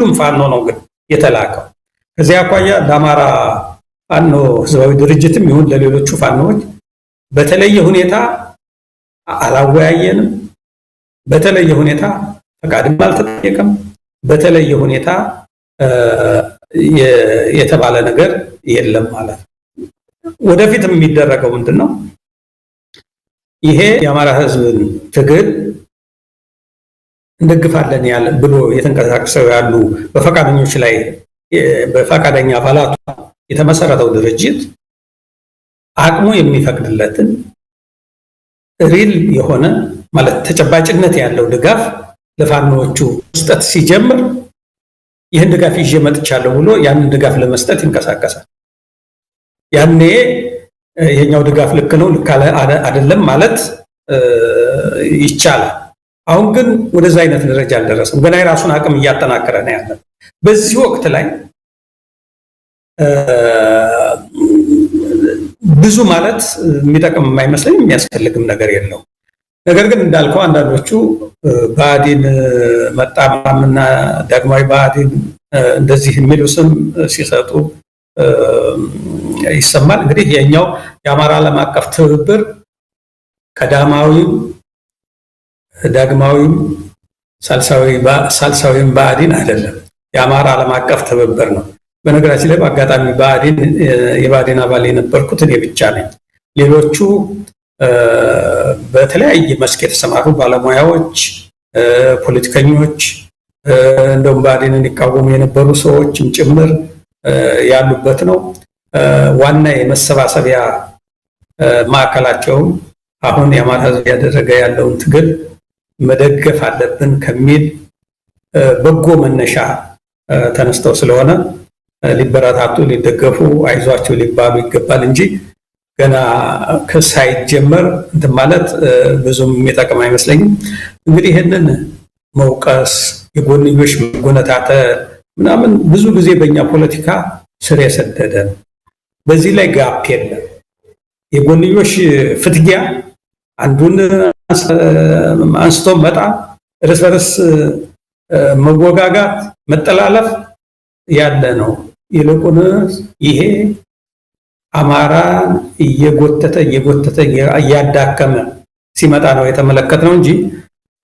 ሁሉም ፋኖ ነው ግን የተላከው። ከዚህ አኳያ ለአማራ ፋኖ ህዝባዊ ድርጅትም ይሁን ለሌሎቹ ፋኖዎች በተለየ ሁኔታ አላወያየንም። በተለየ ሁኔታ ፈቃድም አልተጠየቀም። በተለየ ሁኔታ የተባለ ነገር የለም ማለት ነው። ወደፊት የሚደረገው ምንድን ነው? ይሄ የአማራ ህዝብን ትግል እንደግፋለን ያለ ብሎ የተንቀሳቀሰው ያሉ በፈቃደኞች ላይ በፈቃደኛ አባላቱ የተመሰረተው ድርጅት አቅሙ የሚፈቅድለትን ሪል የሆነ ማለት ተጨባጭነት ያለው ድጋፍ ለፋኖቹ መስጠት ሲጀምር ይህን ድጋፍ ይዤ መጥቻለሁ ብሎ ያንን ድጋፍ ለመስጠት ይንቀሳቀሳል። ያኔ የኛው ድጋፍ ልክ ነው ልክ አይደለም ማለት ይቻላል። አሁን ግን ወደዛ አይነት ደረጃ አልደረሰም። ገና የራሱን አቅም እያጠናከረ ነው ያለ። በዚህ ወቅት ላይ ብዙ ማለት የሚጠቅም የማይመስለኝ የሚያስፈልግም ነገር የለው። ነገር ግን እንዳልከው አንዳንዶቹ ብአዴን መጣ ምናምንና ዳግማዊ ብአዴን እንደዚህ የሚሉ ስም ሲሰጡ ይሰማል። እንግዲህ የኛው የአማራ ዓለም አቀፍ ትብብር ከዳማዊም ዳግማዊም ሳልሳዊም ብአዴን አይደለም፣ የአማራ ዓለም አቀፍ ትብብር ነው። በነገራችን ላይ በአጋጣሚ ብአዴን የብአዴን አባል የነበርኩት እኔ ብቻ ነኝ። ሌሎቹ በተለያየ መስክ የተሰማሩ ባለሙያዎች፣ ፖለቲከኞች እንደውም ብአዴንን ይቃወሙ የነበሩ ሰዎችም ጭምር ያሉበት ነው። ዋና የመሰባሰቢያ ማዕከላቸውም አሁን የአማራ ሕዝብ ያደረገ ያለውን ትግል መደገፍ አለብን ከሚል በጎ መነሻ ተነስተው ስለሆነ ሊበረታቱ፣ ሊደገፉ፣ አይዟቸው ሊባሉ ይገባል እንጂ ገና ክስ ሳይጀመር እንትን ማለት ብዙም የሚጠቅም አይመስለኝም። እንግዲህ ይህንን መውቀስ፣ የጎንዮሽ መጎነታተ ምናምን ብዙ ጊዜ በእኛ ፖለቲካ ስር የሰደደ ነው። በዚህ ላይ ጋፕ የለም። የጎንዮሽ ፍትጊያ አንዱን አንስቶ መጣ እርስ በርስ መወጋጋት፣ መጠላለፍ ያለ ነው። ይልቁን ይሄ አማራን እየጎተተ እየጎተተ እያዳከመ ሲመጣ ነው ነው እንጂ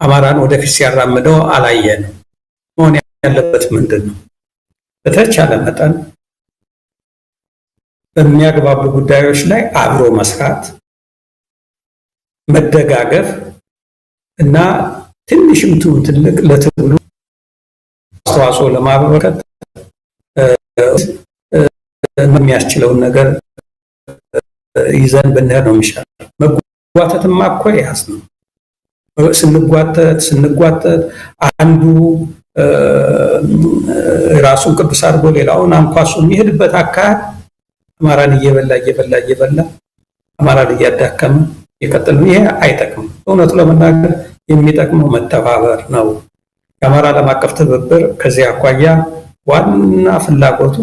አማራን ወደፊት ሲያራምደው ነው። መሆን ያለበት ምንድን ነው? በተቻለ መጠን በሚያግባቡ ጉዳዮች ላይ አብሮ መስራት መደጋገፍ እና ትንሽም ትሁን ትልቅ ለትብሉ አስተዋጽኦ ለማበረከት የሚያስችለውን ነገር ይዘን ብንሄድ ነው የሚሻል። መጓተትማ እኮ ያዝ ነው። ስንጓተት ስንጓተት አንዱ ራሱን ቅዱስ አድርጎ ሌላውን አንኳሶ የሚሄድበት አካል አማራን እየበላ እየበላ እየበላ አማራን እያዳከመ ይቀጥል። ይሄ አይጠቅም። እውነቱ ለመናገር የሚጠቅመው መተባበር ነው። የአማራ ዓለም አቀፍ ትብብር ከዚህ አኳያ ዋና ፍላጎቱ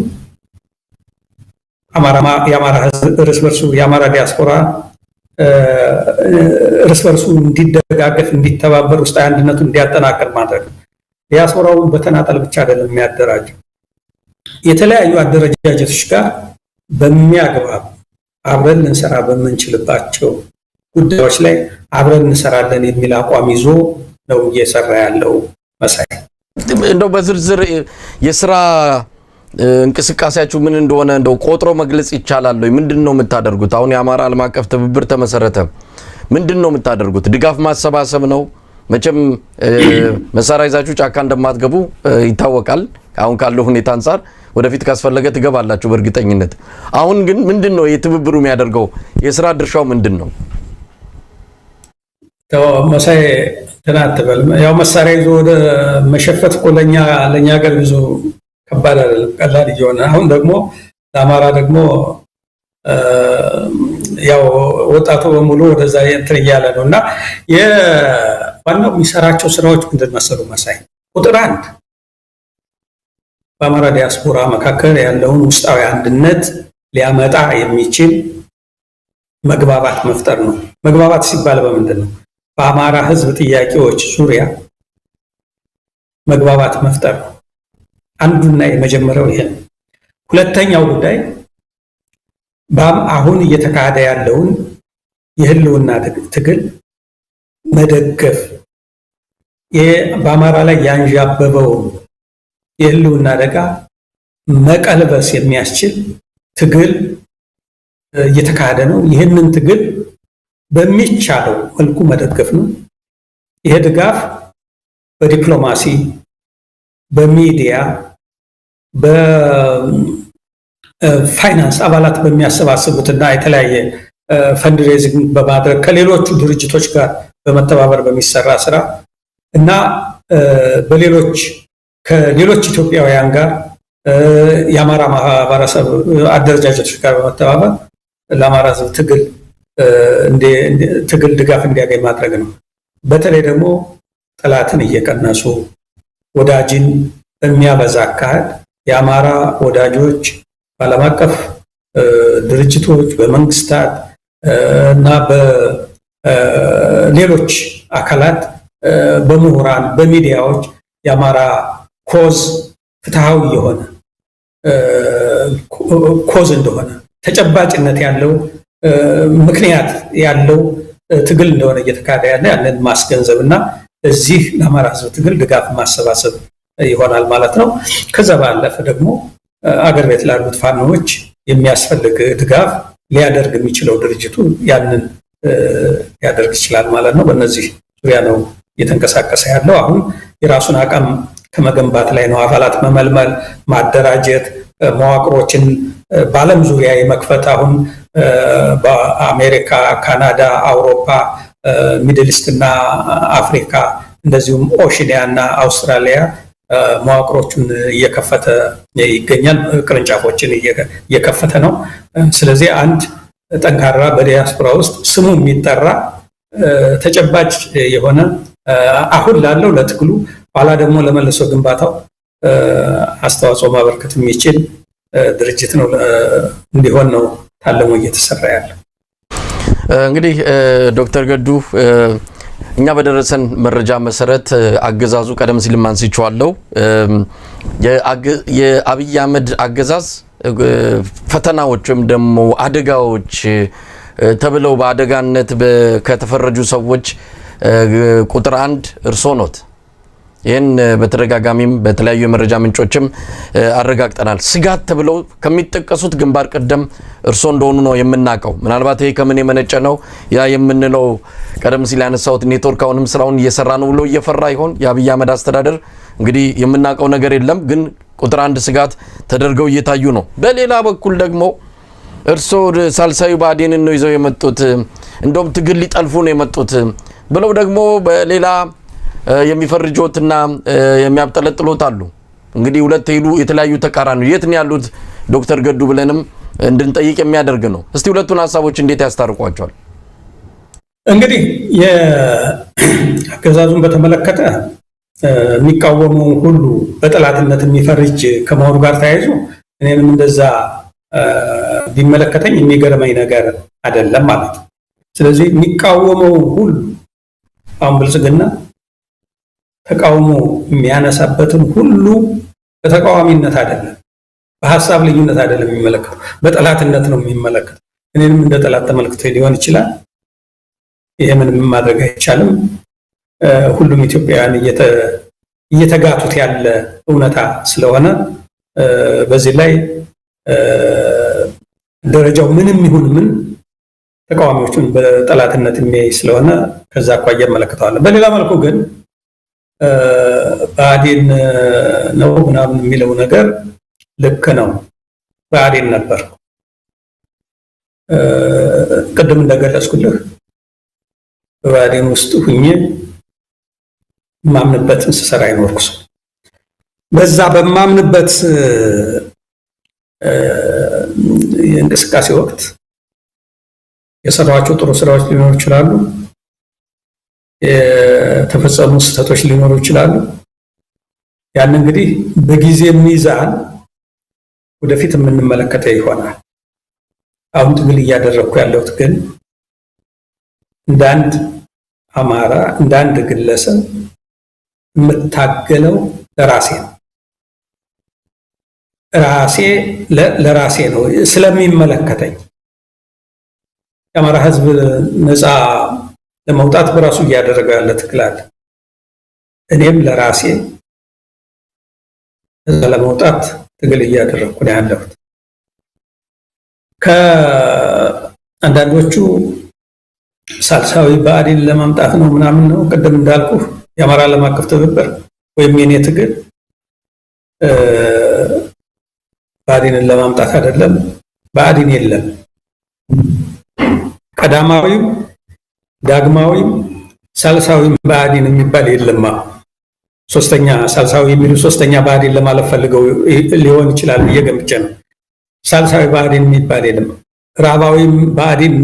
የአማራ ሕዝብ እርስ በርሱ የአማራ ዲያስፖራ እርስ በርሱ እንዲደጋገፍ፣ እንዲተባበር፣ ውስጣዊ አንድነቱን እንዲያጠናክር ማድረግ ነው። ዲያስፖራውን በተናጠል ብቻ አይደለም የሚያደራጀው የተለያዩ አደረጃጀቶች ጋር በሚያግባብ አብረን ልንሰራ በምንችልባቸው ጉዳዮች ላይ አብረን እንሰራለን የሚል አቋም ይዞ ነው እየሰራ ያለው። መሳይ እንደው በዝርዝር የስራ እንቅስቃሴያችሁ ምን እንደሆነ እንደው ቆጥሮ መግለጽ ይቻላል ወይ? ምንድን ነው የምታደርጉት? አሁን የአማራ ዓለም አቀፍ ትብብር ተመሰረተ። ምንድን ነው የምታደርጉት? ድጋፍ ማሰባሰብ ነው። መቼም መሳሪያ ይዛችሁ ጫካ እንደማትገቡ ይታወቃል። አሁን ካለው ሁኔታ አንጻር ወደፊት ካስፈለገ ትገባላችሁ በእርግጠኝነት። አሁን ግን ምንድን ነው የትብብሩ የሚያደርገው? የስራ ድርሻው ምንድን ነው? መሳይ ትናትበል ያው መሳሪያ ይዞ ወደ መሸፈት እኮ ለእኛ ለእኛ ሀገር ብዙ ከባድ አይደለም፣ ቀላል እየሆነ አሁን ደግሞ ለአማራ ደግሞ ያው ወጣቱ በሙሉ ወደዛ እንትን እያለ ነው እና ዋናው የሚሰራቸው ስራዎች ምንድን መሰሉ መሳይ? ቁጥር አንድ በአማራ ዲያስፖራ መካከል ያለውን ውስጣዊ አንድነት ሊያመጣ የሚችል መግባባት መፍጠር ነው። መግባባት ሲባል በምንድን ነው? በአማራ ህዝብ ጥያቄዎች ዙሪያ መግባባት መፍጠር ነው። አንዱና የመጀመሪያው ይሄ ነው። ሁለተኛው ጉዳይ አሁን እየተካሄደ ያለውን የህልውና ትግል መደገፍ በአማራ ላይ ያንዣበበውን የህልውና አደጋ መቀልበስ የሚያስችል ትግል እየተካሄደ ነው። ይህንን ትግል በሚቻለው መልኩ መደገፍ ነው። ይሄ ድጋፍ በዲፕሎማሲ፣ በሚዲያ፣ በፋይናንስ አባላት በሚያሰባስቡትና የተለያየ ፈንድሬዚንግ በማድረግ ከሌሎቹ ድርጅቶች ጋር በመተባበር በሚሰራ ስራ እና በሌሎች ከሌሎች ኢትዮጵያውያን ጋር የአማራ ማህበረሰብ አደረጃጀቶች ጋር በመተባበር ለአማራ ሕዝብ ትግል ትግል ድጋፍ እንዲያገኝ ማድረግ ነው። በተለይ ደግሞ ጠላትን እየቀነሱ ወዳጅን በሚያበዛ አካሄድ የአማራ ወዳጆች በዓለም አቀፍ ድርጅቶች በመንግስታት እና በሌሎች አካላት በምሁራን በሚዲያዎች የአማራ ኮዝ ፍትሃዊ የሆነ ኮዝ እንደሆነ ተጨባጭነት ያለው ምክንያት ያለው ትግል እንደሆነ እየተካሄደ ያለ ያንን ማስገንዘብ እና እዚህ ለአማራ ህዝብ ትግል ድጋፍ ማሰባሰብ ይሆናል ማለት ነው። ከዛ ባለፈ ደግሞ አገር ቤት ላሉት ፋኖዎች የሚያስፈልግ ድጋፍ ሊያደርግ የሚችለው ድርጅቱ ያንን ሊያደርግ ይችላል ማለት ነው። በእነዚህ ዙሪያ ነው እየተንቀሳቀሰ ያለው። አሁን የራሱን አቅም ከመገንባት ላይ ነው። አባላት መመልመል፣ ማደራጀት፣ መዋቅሮችን በዓለም ዙሪያ የመክፈት አሁን በአሜሪካ፣ ካናዳ፣ አውሮፓ፣ ሚድልስት እና አፍሪካ እንደዚሁም ኦሽኒያ እና አውስትራሊያ መዋቅሮቹን እየከፈተ ይገኛል። ቅርንጫፎችን እየከፈተ ነው። ስለዚህ አንድ ጠንካራ በዲያስፖራ ውስጥ ስሙ የሚጠራ ተጨባጭ የሆነ አሁን ላለው ለትግሉ ኋላ ደግሞ ለመልሶ ግንባታው አስተዋጽኦ ማበርከት የሚችል ድርጅት ነው እንዲሆን ነው ታለሞ እየተሰራ ያለው። እንግዲህ ዶክተር ገዱ እኛ በደረሰን መረጃ መሰረት አገዛዙ ቀደም ሲል አንስቼዋለሁ፣ የአብይ አህመድ አገዛዝ ፈተናዎች ወይም ደግሞ አደጋዎች ተብለው በአደጋነት ከተፈረጁ ሰዎች ቁጥር አንድ እርሶ ኖት። ይህን በተደጋጋሚም በተለያዩ የመረጃ ምንጮችም አረጋግጠናል። ስጋት ተብለው ከሚጠቀሱት ግንባር ቀደም እርስዎ እንደሆኑ ነው የምናውቀው። ምናልባት ይሄ ከምን የመነጨ ነው ያ የምንለው ቀደም ሲል ያነሳሁት ኔትወርክ አሁንም ስራውን እየሰራ ነው ብሎ እየፈራ ይሆን የአብይ አህመድ አስተዳደር? እንግዲህ የምናውቀው ነገር የለም፣ ግን ቁጥር አንድ ስጋት ተደርገው እየታዩ ነው። በሌላ በኩል ደግሞ እርስዎ ሳልሳዊ ብአዴንን ነው ይዘው የመጡት እንደውም ትግል ሊጠልፉ ነው የመጡት ብለው ደግሞ በሌላ የሚፈርጆትና የሚያብጠለጥሎት አሉ። እንግዲህ ሁለት ሄዱ የተለያዩ ተቃራኒ የት ነው ያሉት ዶክተር ገዱ ብለንም እንድንጠይቅ የሚያደርግ ነው። እስቲ ሁለቱን ሀሳቦች እንዴት ያስታርቋቸዋል? እንግዲህ የአገዛዙን በተመለከተ የሚቃወሙ ሁሉ በጠላትነት የሚፈርጅ ከመሆኑ ጋር ተያይዞ እኔንም እንደዛ ቢመለከተኝ የሚገርመኝ ነገር አይደለም ማለት ነው። ስለዚህ የሚቃወመው ሁሉ አሁን ብልጽግና ተቃውሞ የሚያነሳበትን ሁሉ በተቃዋሚነት አይደለም፣ በሀሳብ ልዩነት አይደለም የሚመለከተው፣ በጠላትነት ነው የሚመለከተው። እኔንም እንደ ጠላት ተመልክቶ ሊሆን ይችላል። ይሄ ምንም ማድረግ አይቻልም። ሁሉም ኢትዮጵያውያን እየተጋቱት ያለ እውነታ ስለሆነ በዚህ ላይ ደረጃው ምንም ይሁን ምን ተቃዋሚዎቹን በጠላትነት የሚያይ ስለሆነ ከዛ አኳያ እመለከተዋለሁ። በሌላ መልኩ ግን ብአዴን ነው ምናምን የሚለው ነገር ልክ ነው። ብአዴን ነበር። ቅድም እንደገለጽኩልህ በብአዴን ውስጥ ሁኜ የማምንበትን ስሰራ አይኖርኩ ሰው በዛ በማምንበት የእንቅስቃሴ ወቅት የሰሯቸው ጥሩ ስራዎች ሊኖሩ ይችላሉ። የተፈጸሙ ስህተቶች ሊኖሩ ይችላሉ። ያን እንግዲህ በጊዜ ሚዛን ወደፊት የምንመለከተው ይሆናል። አሁን ትግል እያደረግኩ ያለሁት ግን እንደ አንድ አማራ እንደ አንድ ግለሰብ የምታገለው ለራሴ ነው። ራሴ ለራሴ ነው ስለሚመለከተኝ የአማራ ሕዝብ ነፃ ለመውጣት በራሱ እያደረገ ያለ ትግል አለ። እኔም ለራሴ እዛ ለመውጣት ትግል እያደረግኩ ነው ያለሁት። ከአንዳንዶቹ ሳልሳዊ ብአዴን ለማምጣት ነው ምናምን ነው ቅድም እንዳልኩ የአማራ ዓለም አቀፍ ትብብር ወይም የኔ ትግል ብአዴንን ለማምጣት አይደለም። ብአዴን የለም። ቀዳማዊው ዳግማዊም ሳልሳዊም ብአዴን የሚባል የለማ ሶስተኛ ሳልሳዊ የሚሉ ሶስተኛ ብአዴን ለማለት ፈልገው ሊሆን ይችላል ብዬ ገምቼ ነው። ሳልሳዊ ብአዴን የሚባል የለም። ራባዊ ብአዴን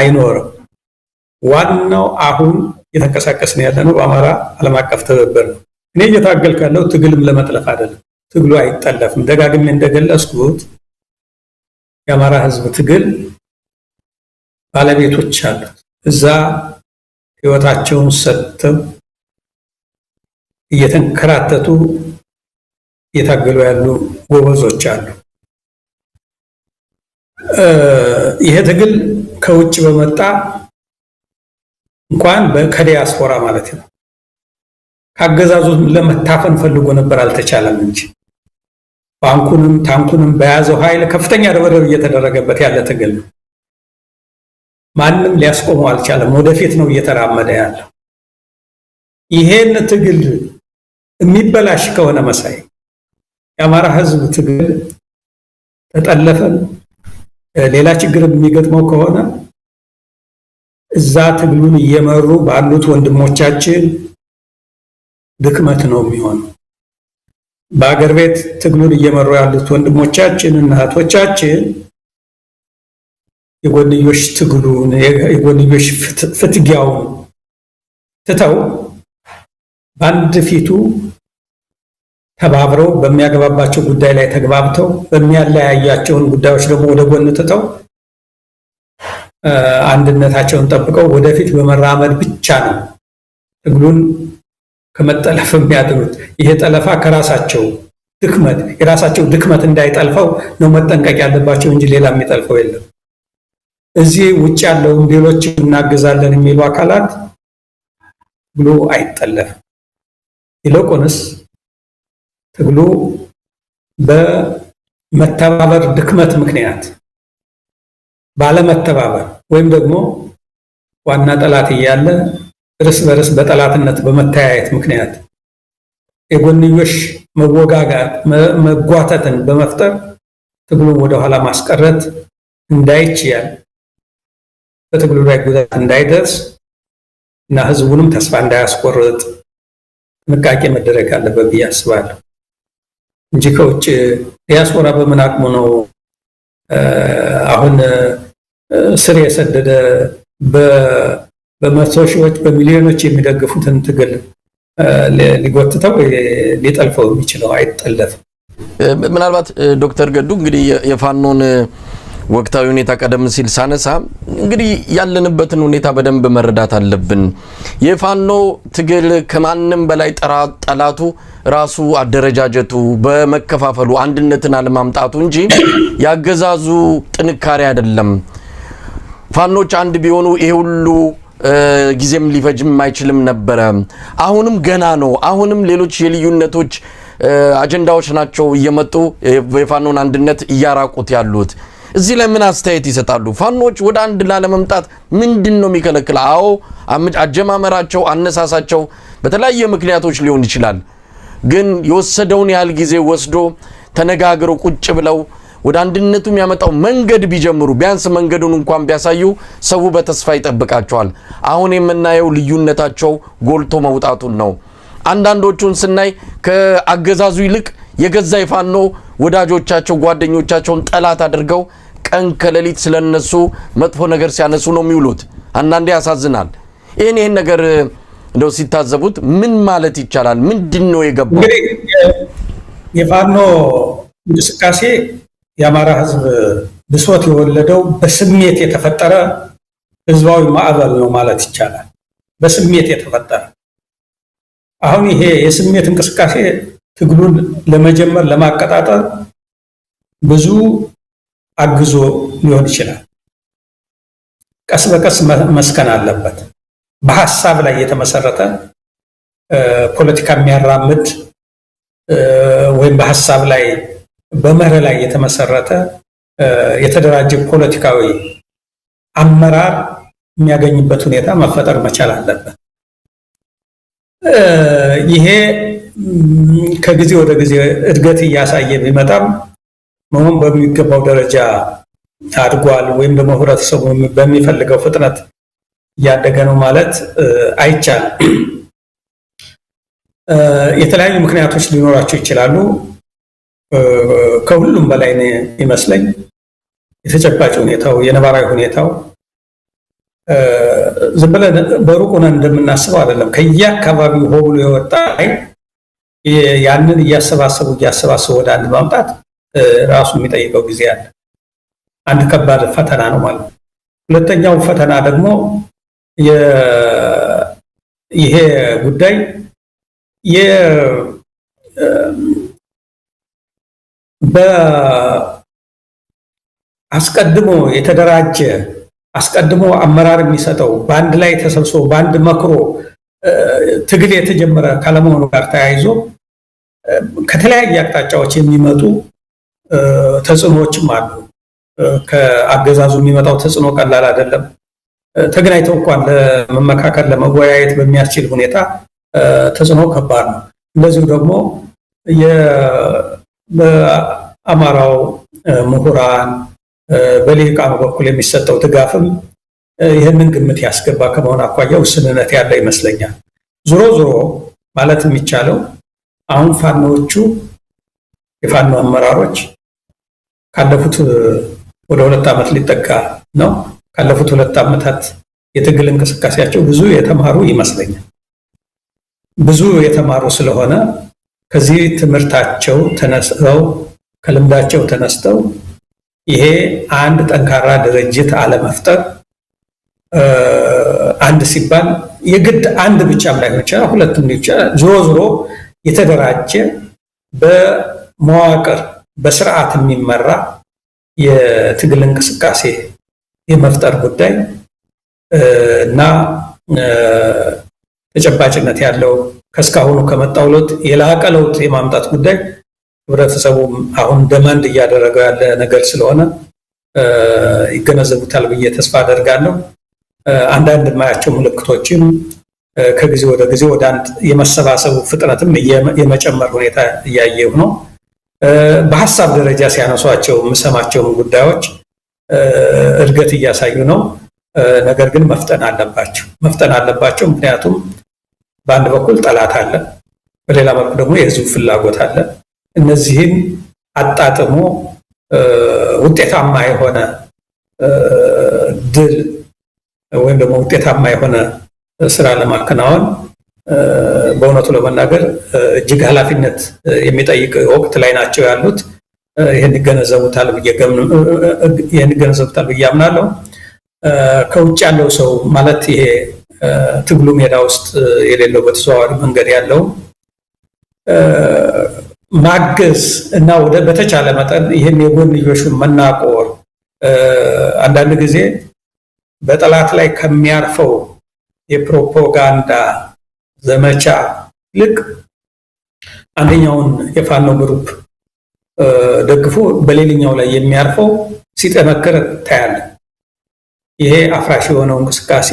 አይኖርም። ዋናው አሁን እየተንቀሳቀስን ያለ ነው በአማራ ዓለም አቀፍ ትብብር ነው። እኔ እየታገልኩ ያለው ትግልም ለመጥለፍ አይደለም። ትግሉ አይጠለፍም። ደጋግሜ እንደገለጽኩት የአማራ ሕዝብ ትግል ባለቤቶች አሉት። እዛ ህይወታቸውን ሰጥተው እየተንከራተቱ እየታገሉ ያሉ ጎበዞች አሉ። ይሄ ትግል ከውጭ በመጣ እንኳን ከዲያስፖራ ማለት ነው ከአገዛዙ ለመታፈን ፈልጎ ነበር፣ አልተቻለም እንጂ ባንኩንም ታንኩንም በያዘው ኃይል ከፍተኛ ደበደብ እየተደረገበት ያለ ትግል ነው። ማንም ሊያስቆመው አልቻለም። ወደፊት ነው እየተራመደ ያለው። ይሄን ትግል የሚበላሽ ከሆነ መሳይ የአማራ ህዝብ ትግል ተጠለፈን ሌላ ችግር የሚገጥመው ከሆነ እዛ ትግሉን እየመሩ ባሉት ወንድሞቻችን ድክመት ነው የሚሆነው። በአገር ቤት ትግሉን እየመሩ ያሉት ወንድሞቻችን እና እህቶቻችን የጎንዮሽ ትግሉን የጎንዮሽ ፍትጊያውን ትተው በአንድ ፊቱ ተባብረው በሚያገባባቸው ጉዳይ ላይ ተግባብተው በሚያለያያቸውን ጉዳዮች ደግሞ ወደ ጎን ትተው አንድነታቸውን ጠብቀው ወደፊት በመራመድ ብቻ ነው ትግሉን ከመጠለፍ የሚያድኑት። ይሄ ጠለፋ ከራሳቸው ድክመት የራሳቸው ድክመት እንዳይጠልፈው ነው መጠንቀቅ ያለባቸው እንጂ ሌላ የሚጠልፈው የለም። እዚህ ውጭ ያለውን ሌሎች እናገዛለን የሚሉ አካላት ትግሉ አይጠለፍም። ይልቁንስ ትግሉ በመተባበር ድክመት ምክንያት ባለመተባበር ወይም ደግሞ ዋና ጠላት እያለ እርስ በርስ በጠላትነት በመተያየት ምክንያት የጎንዮሽ መወጋጋት መጓተትን በመፍጠር ትግሉን ወደኋላ ማስቀረት እንዳይችያል። በትግሉ ላይ ጉዳት እንዳይደርስ እና ህዝቡንም ተስፋ እንዳያስቆርጥ ጥንቃቄ መደረግ አለበት ብዬ አስባለሁ እንጂ ከውጭ ዲያስፖራ በምን አቅሙ ነው አሁን ስር የሰደደ በመቶ ሺዎች በሚሊዮኖች የሚደግፉትን ትግል ሊጎትተው ሊጠልፈው የሚችለው አይጠለፍም። ምናልባት ዶክተር ገዱ እንግዲህ የፋኖን ወቅታዊ ሁኔታ ቀደም ሲል ሳነሳ እንግዲህ ያለንበትን ሁኔታ በደንብ መረዳት አለብን። የፋኖ ትግል ከማንም በላይ ጠላቱ ራሱ አደረጃጀቱ በመከፋፈሉ አንድነትን አለማምጣቱ እንጂ ያገዛዙ ጥንካሬ አይደለም። ፋኖች አንድ ቢሆኑ ይሄ ሁሉ ጊዜም ሊፈጅም አይችልም ነበረ። አሁንም ገና ነው። አሁንም ሌሎች የልዩነቶች አጀንዳዎች ናቸው እየመጡ የፋኖን አንድነት እያራቁት ያሉት። እዚህ ለምን አስተያየት ይሰጣሉ? ፋኖች ወደ አንድ ላለመምጣት ምንድን ነው የሚከለክል? አዎ አጀማመራቸው፣ አነሳሳቸው በተለያየ ምክንያቶች ሊሆን ይችላል። ግን የወሰደውን ያህል ጊዜ ወስዶ ተነጋግረው ቁጭ ብለው ወደ አንድነቱ የሚያመጣው መንገድ ቢጀምሩ ቢያንስ መንገዱን እንኳን ቢያሳዩ ሰው በተስፋ ይጠብቃቸዋል። አሁን የምናየው ልዩነታቸው ጎልቶ መውጣቱን ነው። አንዳንዶቹን ስናይ ከአገዛዙ ይልቅ የገዛ የፋኖ ወዳጆቻቸው ጓደኞቻቸውን ጠላት አድርገው ቀን ከሌሊት ስለ እነሱ መጥፎ ነገር ሲያነሱ ነው የሚውሉት። አንዳንዴ ያሳዝናል። ይህን ይህን ነገር እንደው ሲታዘቡት ምን ማለት ይቻላል? ምንድን ነው የገባው? እንግዲህ የፋኖ እንቅስቃሴ የአማራ ህዝብ ብሶት የወለደው በስሜት የተፈጠረ ህዝባዊ ማዕበል ነው ማለት ይቻላል። በስሜት የተፈጠረ አሁን ይሄ የስሜት እንቅስቃሴ ትግሉን ለመጀመር ለማቀጣጠል ብዙ አግዞ ሊሆን ይችላል። ቀስ በቀስ መስከን አለበት። በሀሳብ ላይ የተመሰረተ ፖለቲካ የሚያራምድ ወይም በሀሳብ ላይ በመርህ ላይ የተመሰረተ የተደራጀ ፖለቲካዊ አመራር የሚያገኝበት ሁኔታ መፈጠር መቻል አለበት። ይሄ ከጊዜ ወደ ጊዜ እድገት እያሳየ ቢመጣም መሆን በሚገባው ደረጃ አድጓል ወይም ደግሞ ህብረተሰቡ በሚፈልገው ፍጥነት እያደገ ነው ማለት አይቻልም። የተለያዩ ምክንያቶች ሊኖራቸው ይችላሉ። ከሁሉም በላይ ይመስለኝ የተጨባጭ ሁኔታው የነባራዊ ሁኔታው ዝም ብለን በሩቅ ሆነን እንደምናስበው አይደለም። ከየአካባቢው ሆ ብሎ የወጣ ያንን እያሰባሰቡ እያሰባሰቡ ወደ አንድ ማምጣት ራሱ የሚጠይቀው ጊዜ አለ። አንድ ከባድ ፈተና ነው ማለት ነው። ሁለተኛው ፈተና ደግሞ ይሄ ጉዳይ አስቀድሞ የተደራጀ አስቀድሞ አመራር የሚሰጠው በአንድ ላይ ተሰብስቦ በአንድ መክሮ ትግል የተጀመረ ካለመሆኑ ጋር ተያይዞ ከተለያየ አቅጣጫዎች የሚመጡ ተጽዕኖዎችም አሉ። ከአገዛዙ የሚመጣው ተጽዕኖ ቀላል አይደለም። ተገናኝተው እንኳን ለመመካከል ለመወያየት በሚያስችል ሁኔታ ተጽዕኖ ከባድ ነው። እንደዚሁ ደግሞ በአማራው ምሁራን በልሂቃኑ በኩል የሚሰጠው ድጋፍም ይህንን ግምት ያስገባ ከመሆን አኳያ ውስንነት ያለ ይመስለኛል። ዞሮ ዞሮ ማለት የሚቻለው አሁን ፋኖዎቹ የፋኖ አመራሮች ካለፉት ወደ ሁለት ዓመት ሊጠጋ ነው። ካለፉት ሁለት ዓመታት የትግል እንቅስቃሴያቸው ብዙ የተማሩ ይመስለኛል። ብዙ የተማሩ ስለሆነ ከዚህ ትምህርታቸው ተነስተው ከልምዳቸው ተነስተው ይሄ አንድ ጠንካራ ድርጅት አለመፍጠር አንድ ሲባል የግድ አንድ ብቻም ላይሆን ይችላል፣ ሁለትም ሊሆን ይችላል። ዞሮ ዞሮ የተደራጀ በመዋቅር በስርዓት የሚመራ የትግል እንቅስቃሴ የመፍጠር ጉዳይ እና ተጨባጭነት ያለው ከእስካሁኑ ከመጣው ለውጥ የላቀ ለውጥ የማምጣት ጉዳይ ህብረተሰቡ አሁን ደመንድ እያደረገው ያለ ነገር ስለሆነ ይገነዘቡታል ብዬ ተስፋ አደርጋለሁ። አንዳንድ የማያቸው ምልክቶችም ከጊዜ ወደ ጊዜ ወደ አንድ የመሰባሰቡ ፍጥነትም የመጨመር ሁኔታ እያየሁ ነው። በሀሳብ ደረጃ ሲያነሷቸው የምሰማቸውን ጉዳዮች እድገት እያሳዩ ነው። ነገር ግን መፍጠን አለባቸው መፍጠን አለባቸው። ምክንያቱም በአንድ በኩል ጠላት አለ፣ በሌላ በኩል ደግሞ የህዝቡ ፍላጎት አለ። እነዚህም አጣጥሞ ውጤታማ የሆነ ድል ወይም ደግሞ ውጤታማ የሆነ ስራ ለማከናወን በእውነቱ ለመናገር እጅግ ኃላፊነት የሚጠይቅ ወቅት ላይ ናቸው ያሉት። ይህን ይገነዘቡታል ብዬ አምናለሁ። ከውጭ ያለው ሰው ማለት ይሄ ትግሉ ሜዳ ውስጥ የሌለው በተዘዋዋሪ መንገድ ያለው ማገዝ እና ወደ በተቻለ መጠን ይህን የጎንዮሹን መናቆር አንዳንድ ጊዜ በጠላት ላይ ከሚያርፈው የፕሮፓጋንዳ ዘመቻ ልክ አንደኛውን የፋኖ ግሩፕ ደግፎ በሌላኛው ላይ የሚያርፈው ሲጠነክር ታያለ። ይሄ አፍራሽ የሆነው እንቅስቃሴ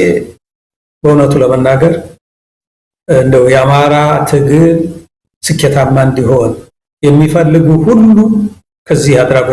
በእውነቱ ለመናገር እንደው የአማራ ትግል ስኬታማ እንዲሆን የሚፈልጉ ሁሉ ከዚህ አድራጎት